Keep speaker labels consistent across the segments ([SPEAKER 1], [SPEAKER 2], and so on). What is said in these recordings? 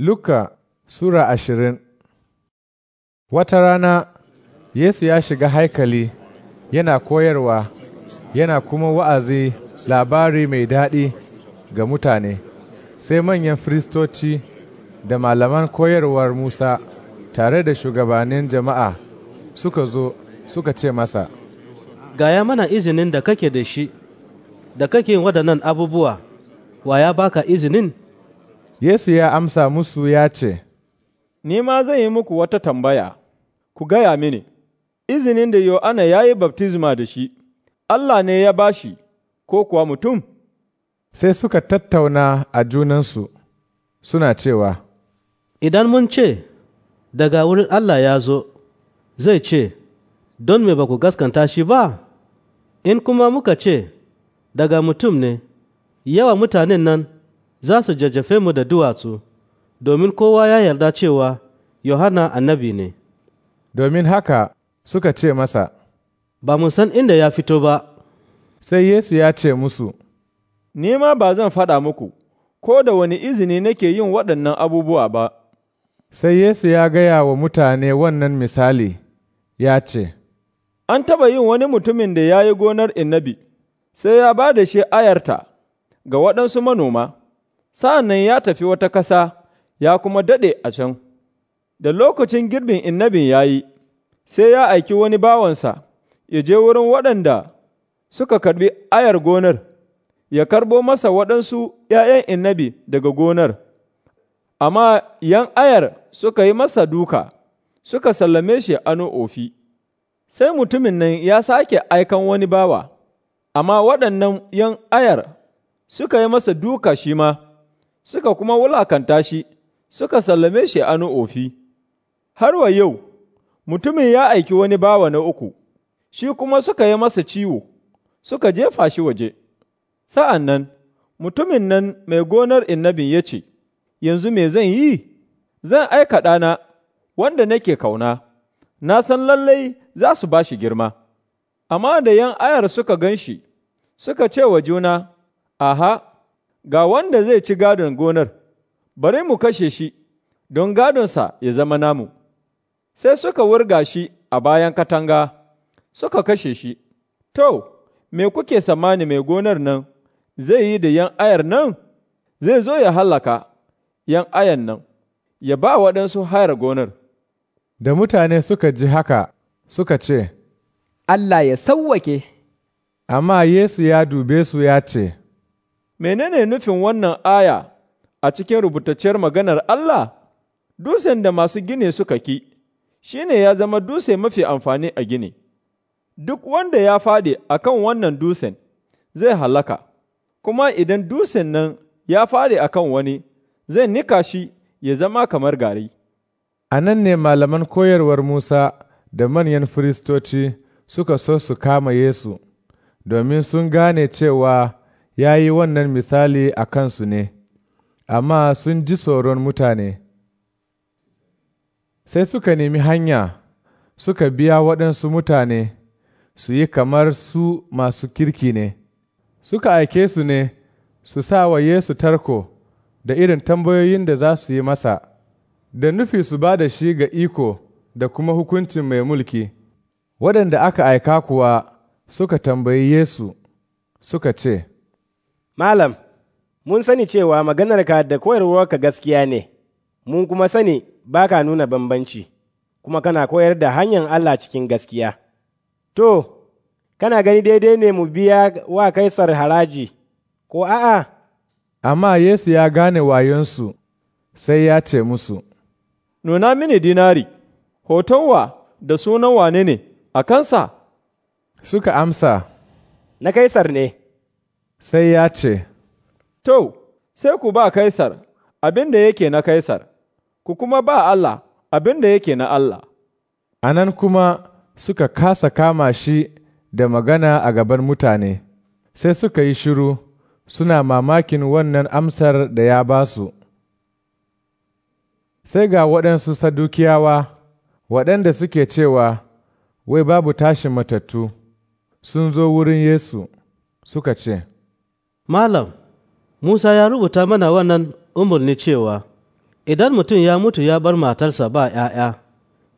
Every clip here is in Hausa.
[SPEAKER 1] Luka Sura ashirin Wata rana Yesu ya shiga haikali yana koyarwa yana kuma wa'azi labari mai daɗi ga mutane, sai manyan firistoci da malaman koyarwar Musa tare da shugabannin jama'a
[SPEAKER 2] suka zo suka ce masa, Gaya mana izinin da kake da shi, da kake waɗannan abubuwa, wa ya baka izinin? Yesu ya
[SPEAKER 3] amsa musu ya ce, Ni ma zan yi muku wata tambaya, ku gaya mini, izinin da Yohana ya yi baptizma da shi, Allah ne ya ba shi, ko kuwa mutum?
[SPEAKER 1] Sai suka tattauna a junansu, suna
[SPEAKER 2] cewa, Idan mun ce, daga wurin Allah ya zo, zai ce, Don me ba ku gaskanta shi ba? In kuma muka ce, daga mutum ne, yawa mutanen nan za su jajjafe mu da duwatsu domin kowa ya yarda cewa Yohana annabi ne. Domin haka suka ce masa, Ba mu san inda ya fito ba. Sai Yesu ya ce musu,
[SPEAKER 3] Ni ma ba zan faɗa muku, ko da wani izini nake yin waɗannan abubuwa ba.
[SPEAKER 1] Sai Yesu ya gaya wa mutane wannan misali, ya ce,
[SPEAKER 3] An taɓa yin wani mutumin da ya yi gonar inabi, sai ya ba da shi ayarta ga waɗansu manoma. sa'an nan ya tafi wata ƙasa ya kuma daɗe a can, da lokacin girbin innabin ya yi, sai ya aiki wani bawansa ya je wurin waɗanda suka karbi ayar gonar, ya karbo masa waɗansu ’ya'yan inabi daga gonar, amma ’yan ayar suka yi masa duka, suka sallame shi anu ofi. Sai mutumin nan ya sake aikan wani bawa, amma waɗannan ’yan ayar suka yi masa duka shi ma. suka kuma wulakanta shi, suka sallame shi anu ofi. Har wa yau, mutumin ya aiki wani bawa na uku, shi kuma suka yi masa ciwo, suka jefa shi waje. Sa'an nan, mutumin nan mai gonar innabin ya ce, Yanzu me zan yi? Zan aika ɗana, wanda nake kauna, na san lallai za su ba shi girma. Amma da ’yan ayar suka gan shi, suka ce wa juna, Aha! ga wanda zai ci gadon gonar, bari mu kashe shi, don gadonsa ya zama namu. Sai suka wurga shi a bayan katanga, suka kashe shi, to, me kuke samani mai gonar nan, zai yi da yan ayar nan, zai zo ya hallaka yan ayan nan, ya ba waɗansu hayar gonar.
[SPEAKER 1] Da mutane suka ji haka, suka
[SPEAKER 3] ce, Allah ya sauwake.
[SPEAKER 1] Amma Yesu ya dube su ya ce,
[SPEAKER 3] menene nufin wannan aya a cikin rubutacciyar maganar Allah? Dusen da masu gine suka ki, shi ne ya zama dutse mafi amfani a gini. Duk wanda ya fadi a kan wannan dusen zai halaka, kuma idan dusen nan ya fadi a kan wani, zai nika shi ya zama kamar gari.
[SPEAKER 1] A nan ne malaman koyarwar Musa da manyan firistoci suka so su kama Yesu, domin sun gane cewa ya yi wannan misali a kansu ne, amma sun ji tsoron mutane. Sai suka nemi hanya, suka biya waɗansu mutane su yi kamar su masu kirki ne, suka aike su ne su sa wa Yesu tarko da irin tambayoyin da za su yi masa, da nufi su ba da shi ga iko da kuma hukuncin mai mulki. Waɗanda aka aika kuwa suka tambayi Yesu, suka ce,
[SPEAKER 2] Malam, mun sani cewa maganarka da koyarwarka gaskiya ne, mun kuma sani ba ka nuna bambanci, kuma kana koyar da hanyar Allah cikin gaskiya. To, kana gani daidai ne mu biya wa kaisar
[SPEAKER 1] haraji, ko a'a? Amma Yesu ya gane wayonsu,
[SPEAKER 3] sai ya ce musu, Nuna mini dinari, hotonwa da sunan wane ne, a kansa? Suka amsa, Na kaisar ne.
[SPEAKER 1] sai ya ce,
[SPEAKER 3] To, sai ku ba Kaisar abin da yake na Kaisar, ku kuma ba Allah abin da yake na Allah.
[SPEAKER 1] A nan kuma suka kasa kama shi da magana a gaban mutane, sai suka yi shiru suna mamakin wannan amsar da ya ba su. Sai ga waɗansu sadukiyawa waɗanda suke cewa,
[SPEAKER 2] Wai babu tashin matattu, sun zo wurin Yesu, suka ce, Malam, Musa ya rubuta mana wannan umarni cewa, Idan mutum ya mutu ya bar matarsa ba ‘ya'ya,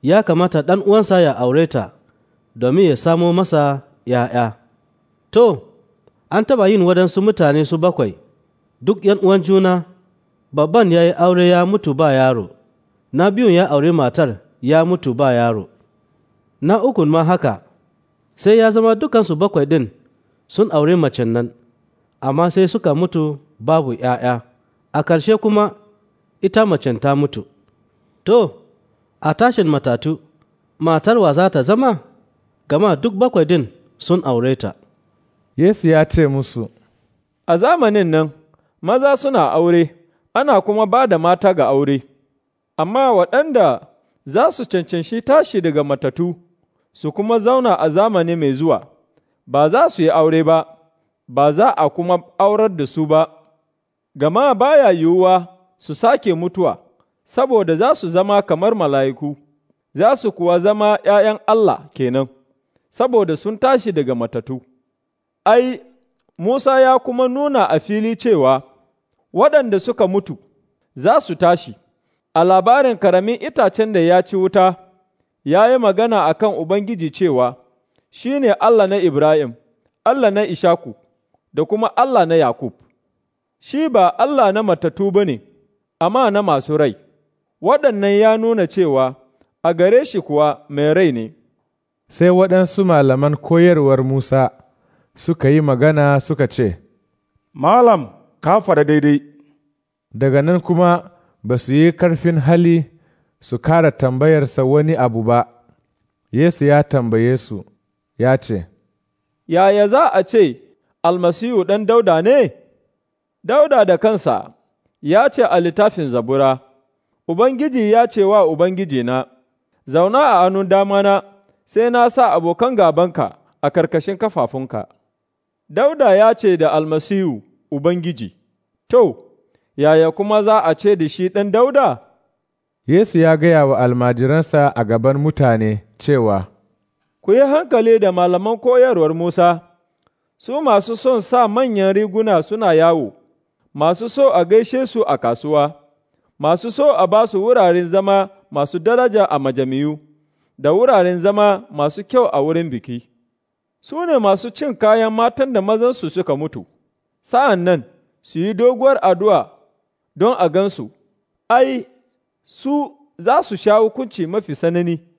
[SPEAKER 2] ya kamata ɗan uwansa ya aure ta domin ya samo masa ‘ya'ya. To, an taɓa yin waɗansu mutane su bakwai, duk ‘yan uwan juna, babban ya yi aure ya mutu ba yaro, na biyun ya aure matar ya mutu ba yaro, na ukun ma haka, sai ya zama dukansu bakwai ɗin sun aure macen nan. amma sai suka mutu babu ’ya'ya, a ƙarshe kuma ita macen ta mutu. To, a tashin matatu, matarwa za ta zama, gama duk bakwai din sun aure ta. Yesu ya ce musu,
[SPEAKER 3] A zamanin nan, maza suna aure, ana kuma ba da mata ga aure, amma waɗanda za su cancanci tashi daga matatu, su kuma zauna a zamani mai zuwa, ba za su yi aure ba. ba za a kuma aurar da su ba, gama baya yiwuwa su sake mutuwa, saboda za su zama kamar mala'iku, za su kuwa zama ’ya'yan Allah kenan, saboda sun tashi daga matatu. Ai, Musa ya kuma nuna a fili cewa waɗanda suka mutu za su tashi, a labarin karamin itacen da ya ci wuta, ya yi magana a kan Ubangiji cewa, shi ne Allah na Ibrahim, Allah na Ishaku, da kuma Allah na Yakub, shi ba Allah na matattu ba ne, amma na masu rai, waɗannan ya nuna cewa a gare shi kuwa mai rai ne.
[SPEAKER 1] Sai waɗansu malaman koyarwar Musa suka yi magana suka ce, Malam, ka fara daidai. Daga nan kuma ba su yi karfin hali su kara tambayarsa wani abu ba, Yesu ya tambaye su, ya ce,
[SPEAKER 3] Yaya za a ce, almasihu ɗan dauda ne? Dauda da kansa ya ce a littafin zabura, Ubangiji ya ce wa Ubangijina, zauna a hannun damana, sai na sa abokan gabanka a karkashin kafafunka. Dauda ya ce da almasihu Ubangiji, To, yaya kuma za a ce da shi ɗan dauda?
[SPEAKER 1] Yesu ya gaya wa almajiransa a gaban mutane cewa,
[SPEAKER 3] Ku yi hankali da malaman koyarwar Musa. su masu son sa manyan riguna suna yawo, masu so a gaishe su a kasuwa, masu so a ba su wuraren zama masu daraja a majami'u, da wuraren zama masu kyau a wurin biki. Su ne masu cin kayan matan da mazansu suka mutu, sa'an nan su yi doguwar addu'a don a gansu, ai, su za su sha hukunci mafi sanani.